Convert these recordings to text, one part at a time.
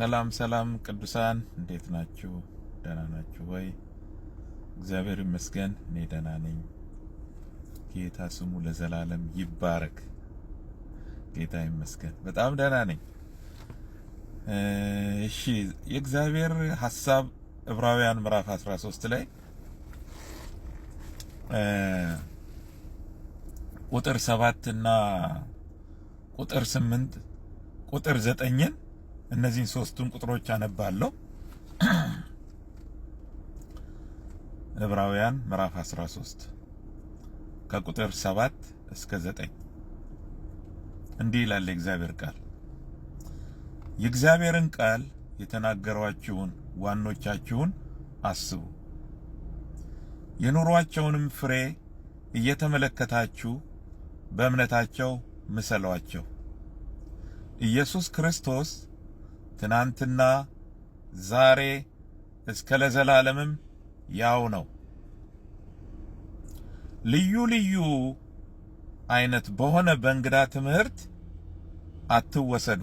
ሰላም ሰላም ቅዱሳን እንዴት ናችሁ? ደህና ናችሁ ወይ? እግዚአብሔር ይመስገን እኔ ደህና ነኝ። ጌታ ስሙ ለዘላለም ይባረክ። ጌታ ይመስገን በጣም ደህና ነኝ። እሺ የእግዚአብሔር ሐሳብ ዕብራውያን ምዕራፍ 13 ላይ ቁጥር ሰባት እና ቁጥር ስምንት ቁጥር ዘጠኝን እነዚህን ሶስቱን ቁጥሮች አነባለሁ። ዕብራውያን ምዕራፍ 13 ከቁጥር 7 እስከ 9 እንዲህ ይላል የእግዚአብሔር ቃል። የእግዚአብሔርን ቃል የተናገሯችሁን ዋኖቻችሁን አስቡ፣ የኑሯቸውንም ፍሬ እየተመለከታችሁ በእምነታቸው ምሰሏቸው። ኢየሱስ ክርስቶስ ትናንትና ዛሬ እስከ ለዘላለምም ያው ነው። ልዩ ልዩ አይነት በሆነ በእንግዳ ትምህርት አትወሰዱ።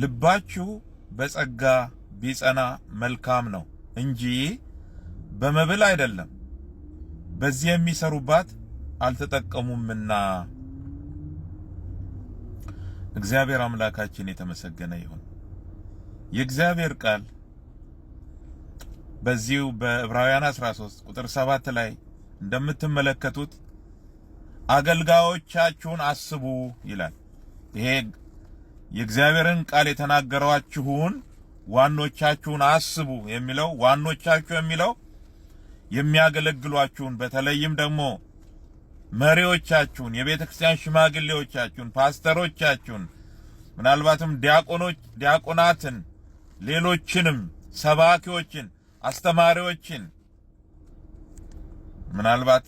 ልባችሁ በጸጋ ቢጸና መልካም ነው እንጂ በመብል አይደለም፣ በዚህ የሚሰሩባት አልተጠቀሙምና። እግዚአብሔር አምላካችን የተመሰገነ ይሁን። የእግዚአብሔር ቃል በዚሁ በዕብራውያን 13 ቁጥር 7 ላይ እንደምትመለከቱት አገልጋዮቻችሁን አስቡ ይላል። ይሄ የእግዚአብሔርን ቃል የተናገሯችሁን ዋኖቻችሁን አስቡ የሚለው ዋኖቻችሁ የሚለው የሚያገለግሏችሁን በተለይም ደግሞ መሪዎቻችሁን፣ የቤተ ክርስቲያን ሽማግሌዎቻችሁን፣ ፓስተሮቻችሁን፣ ምናልባትም ዲያቆኖች፣ ዲያቆናትን፣ ሌሎችንም ሰባኪዎችን፣ አስተማሪዎችን ምናልባት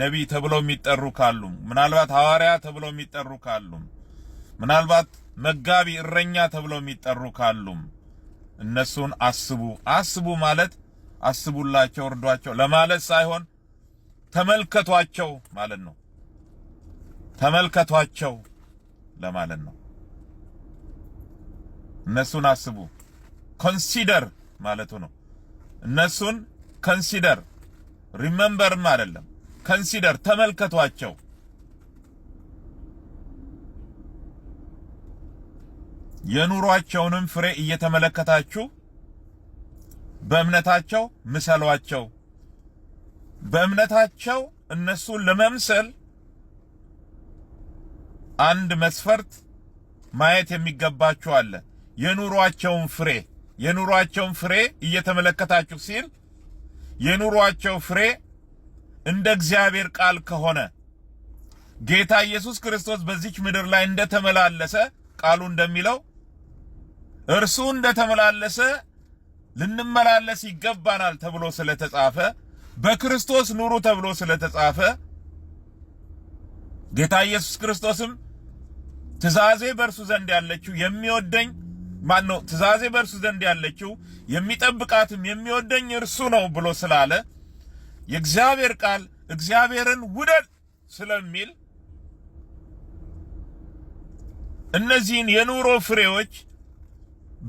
ነቢይ ተብለው የሚጠሩ ካሉም ምናልባት ሐዋርያ ተብለው የሚጠሩ ካሉም ምናልባት መጋቢ እረኛ ተብለው የሚጠሩ ካሉም እነሱን አስቡ። አስቡ ማለት አስቡላቸው፣ እርዷቸው ለማለት ሳይሆን ተመልከቷቸው ማለት ነው። ተመልከቷቸው ለማለት ነው። እነሱን አስቡ ኮንሲደር ማለቱ ነው። እነሱን ኮንሲደር ሪመምበርም አይደለም ኮንሲደር ተመልከቷቸው። የኑሯቸውንም ፍሬ እየተመለከታችሁ በእምነታቸው ምሰሏቸው። በእምነታቸው እነሱን ለመምሰል አንድ መስፈርት ማየት የሚገባቸው አለ። የኑሯቸውን ፍሬ የኑሯቸውን ፍሬ እየተመለከታችሁ ሲል የኑሯቸው ፍሬ እንደ እግዚአብሔር ቃል ከሆነ ጌታ ኢየሱስ ክርስቶስ በዚች ምድር ላይ እንደተመላለሰ ቃሉ እንደሚለው እርሱ እንደተመላለሰ ልንመላለስ ይገባናል ተብሎ ስለተጻፈ በክርስቶስ ኑሩ ተብሎ ስለተጻፈ ጌታ ኢየሱስ ክርስቶስም ትእዛዜ በእርሱ ዘንድ ያለችው የሚወደኝ ማን ነው? ትእዛዜ በእርሱ ዘንድ ያለችው የሚጠብቃትም የሚወደኝ እርሱ ነው ብሎ ስላለ የእግዚአብሔር ቃል እግዚአብሔርን ውደድ ስለሚል እነዚህን የኑሮ ፍሬዎች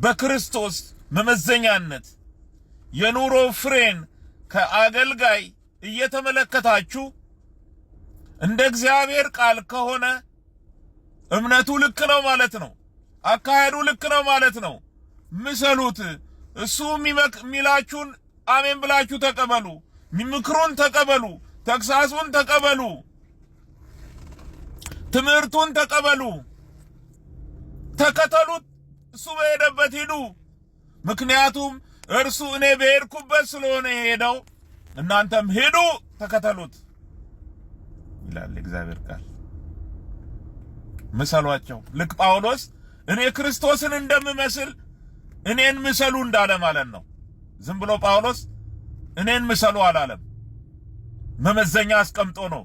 በክርስቶስ መመዘኛነት የኑሮ ፍሬን ከአገልጋይ እየተመለከታችሁ እንደ እግዚአብሔር ቃል ከሆነ እምነቱ ልክ ነው ማለት ነው። አካሄዱ ልክ ነው ማለት ነው። ምሰሉት። እሱ የሚላችሁን አሜን ብላችሁ ተቀበሉ። ምክሩን ተቀበሉ። ተክሳሱን ተቀበሉ። ትምህርቱን ተቀበሉ። ተከተሉት። እሱ በሄደበት ሂዱ። ምክንያቱም እርሱ እኔ በሄድኩበት ስለሆነ የሄደው እናንተም ሄዱ ተከተሉት ይላል እግዚአብሔር ቃል። ምሰሏቸው። ልክ ጳውሎስ እኔ ክርስቶስን እንደምመስል እኔን ምሰሉ እንዳለ ማለት ነው። ዝም ብሎ ጳውሎስ እኔን ምሰሉ አላለም። መመዘኛ አስቀምጦ ነው።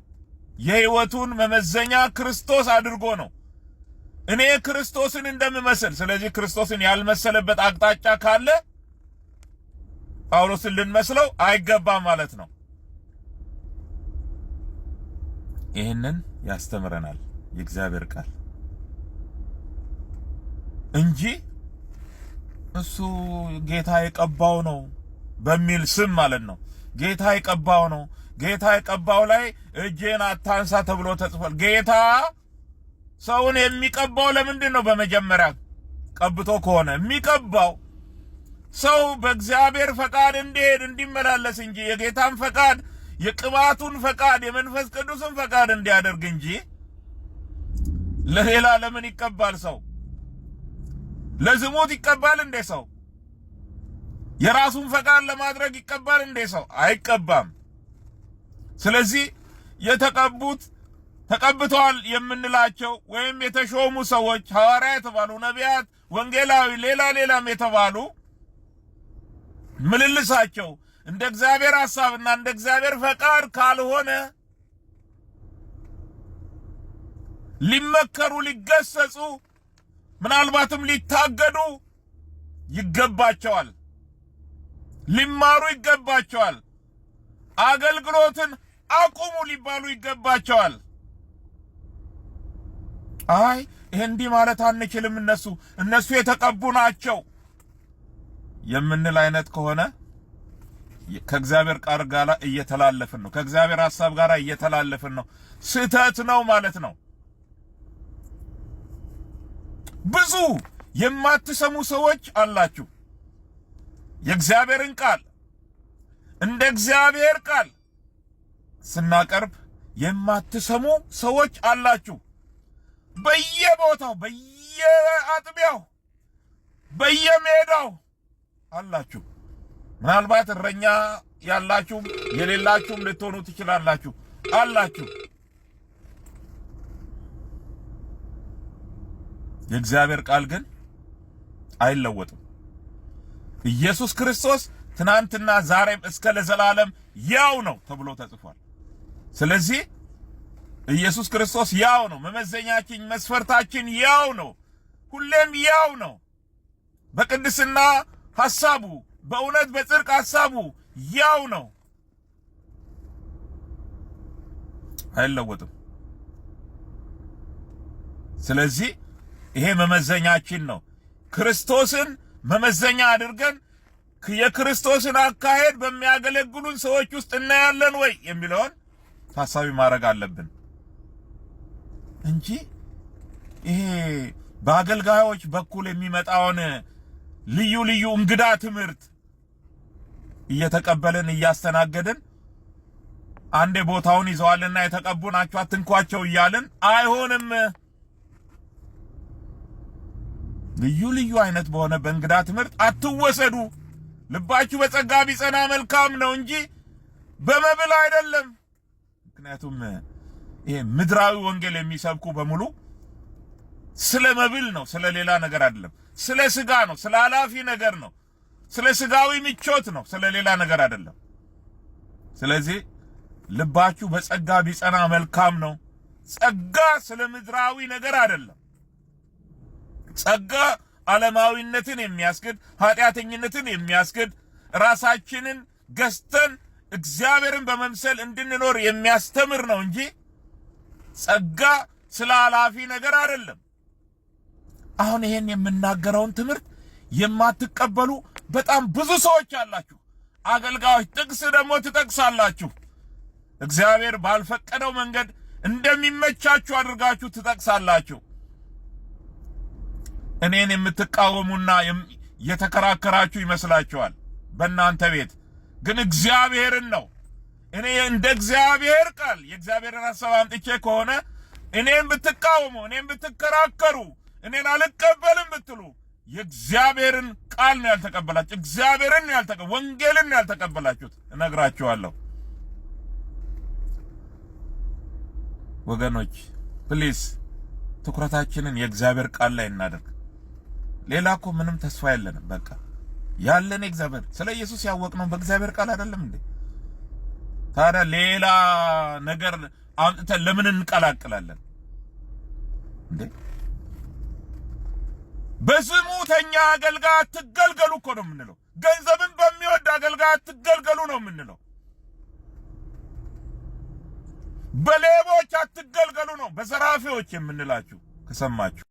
የህይወቱን መመዘኛ ክርስቶስ አድርጎ ነው እኔ ክርስቶስን እንደምመስል። ስለዚህ ክርስቶስን ያልመሰለበት አቅጣጫ ካለ ጳውሎስን ልንመስለው አይገባም ማለት ነው። ይህንን ያስተምረናል የእግዚአብሔር ቃል እንጂ እሱ ጌታ የቀባው ነው በሚል ስም ማለት ነው። ጌታ የቀባው ነው፣ ጌታ የቀባው ላይ እጄን አታንሳ ተብሎ ተጽፏል። ጌታ ሰውን የሚቀባው ለምንድን ነው? በመጀመሪያ ቀብቶ ከሆነ የሚቀባው ሰው በእግዚአብሔር ፈቃድ እንዲሄድ እንዲመላለስ እንጂ የጌታን ፈቃድ የቅባቱን ፈቃድ የመንፈስ ቅዱስን ፈቃድ እንዲያደርግ እንጂ ለሌላ ለምን ይቀባል? ሰው ለዝሙት ይቀባል እንዴ? ሰው የራሱን ፈቃድ ለማድረግ ይቀባል እንዴ? ሰው አይቀባም። ስለዚህ የተቀቡት ተቀብተዋል የምንላቸው ወይም የተሾሙ ሰዎች ሐዋርያ የተባሉ ነቢያት፣ ወንጌላዊ፣ ሌላ ሌላም የተባሉ ምልልሳቸው እንደ እግዚአብሔር ሐሳብና እንደ እግዚአብሔር ፈቃድ ካልሆነ ሊመከሩ፣ ሊገሰጹ፣ ምናልባትም ሊታገዱ ይገባቸዋል። ሊማሩ ይገባቸዋል። አገልግሎትን አቁሙ ሊባሉ ይገባቸዋል። አይ ይሄ እንዲህ ማለት አንችልም፣ እነሱ እነሱ የተቀቡ ናቸው የምንል አይነት ከሆነ ከእግዚአብሔር ቃል ጋር እየተላለፍን ነው። ከእግዚአብሔር ሐሳብ ጋር እየተላለፍን ነው። ስህተት ነው ማለት ነው። ብዙ የማትሰሙ ሰዎች አላችሁ። የእግዚአብሔርን ቃል እንደ እግዚአብሔር ቃል ስናቀርብ የማትሰሙ ሰዎች አላችሁ። በየቦታው በየአጥቢያው፣ በየሜዳው አላችሁ። ምናልባት እረኛ ያላችሁም የሌላችሁም ልትሆኑ ትችላላችሁ አላችሁ። የእግዚአብሔር ቃል ግን አይለወጥም። ኢየሱስ ክርስቶስ ትናንትና ዛሬም እስከ ለዘላለም ያው ነው ተብሎ ተጽፏል። ስለዚህ ኢየሱስ ክርስቶስ ያው ነው። መመዘኛችን መስፈርታችን ያው ነው። ሁሌም ያው ነው። በቅድስና ሐሳቡ በእውነት በጽድቅ ሐሳቡ ያው ነው፣ አይለወጥም። ስለዚህ ይሄ መመዘኛችን ነው። ክርስቶስን መመዘኛ አድርገን የክርስቶስን አካሄድ በሚያገለግሉን ሰዎች ውስጥ እናያለን ወይ የሚለውን ታሳቢ ማድረግ አለብን እንጂ ይሄ በአገልጋዮች በኩል የሚመጣውን ልዩ ልዩ እንግዳ ትምህርት እየተቀበልን እያስተናገድን አንዴ ቦታውን ይዘዋልና የተቀቡ ናቸው አትንኳቸው እያልን አይሆንም። ልዩ ልዩ አይነት በሆነ በእንግዳ ትምህርት አትወሰዱ። ልባችሁ በጸጋ ቢጸና መልካም ነው እንጂ በመብል አይደለም። ምክንያቱም ይሄ ምድራዊ ወንጌል የሚሰብኩ በሙሉ ስለ መብል ነው፣ ስለ ሌላ ነገር አይደለም። ስለ ስጋ ነው፣ ስለ ኃላፊ ነገር ነው፣ ስለ ስጋዊ ምቾት ነው፣ ስለ ሌላ ነገር አይደለም። ስለዚህ ልባችሁ በጸጋ ቢጸና መልካም ነው። ጸጋ ስለ ምድራዊ ነገር አይደለም። ጸጋ ዓለማዊነትን የሚያስክድ ኃጢአተኝነትን የሚያስክድ ራሳችንን ገዝተን እግዚአብሔርን በመምሰል እንድንኖር የሚያስተምር ነው እንጂ ጸጋ ስለ ኃላፊ ነገር አይደለም። አሁን ይሄን የምናገረውን ትምህርት የማትቀበሉ በጣም ብዙ ሰዎች አላችሁ። አገልጋዮች ጥቅስ ደግሞ ትጠቅሳላችሁ። እግዚአብሔር ባልፈቀደው መንገድ እንደሚመቻችሁ አድርጋችሁ ትጠቅሳላችሁ። እኔን የምትቃወሙና የተከራከራችሁ ይመስላችኋል በእናንተ ቤት ግን እግዚአብሔርን ነው። እኔ እንደ እግዚአብሔር ቃል የእግዚአብሔርን ሐሳብ አምጥቼ ከሆነ እኔን ብትቃወሙ፣ እኔም ብትከራከሩ እኔን አልቀበልም ብትሉ የእግዚአብሔርን ቃል ነው ያልተቀበላችሁ፣ እግዚአብሔርን ያልተቀበላችሁ፣ ወንጌልን ነው ያልተቀበላችሁት። እነግራችኋለሁ ወገኖች፣ ፕሊስ ትኩረታችንን የእግዚአብሔር ቃል ላይ እናደርግ። ሌላ እኮ ምንም ተስፋ የለንም። በቃ ያለን እግዚአብሔር ስለ ኢየሱስ ነው በእግዚአብሔር ቃል አይደለም እንዴ? ታዲያ ሌላ ነገር አምጥተን ለምን እንቀላቅላለን እንዴ? በዝሙተኛ አገልጋይ አትገልገሉ እኮ ነው የምንለው። ገንዘብን በሚወድ አገልጋይ አትገልገሉ ነው የምንለው። በሌቦች አትገልገሉ ነው፣ በዘራፊዎች የምንላችሁ ከሰማችሁ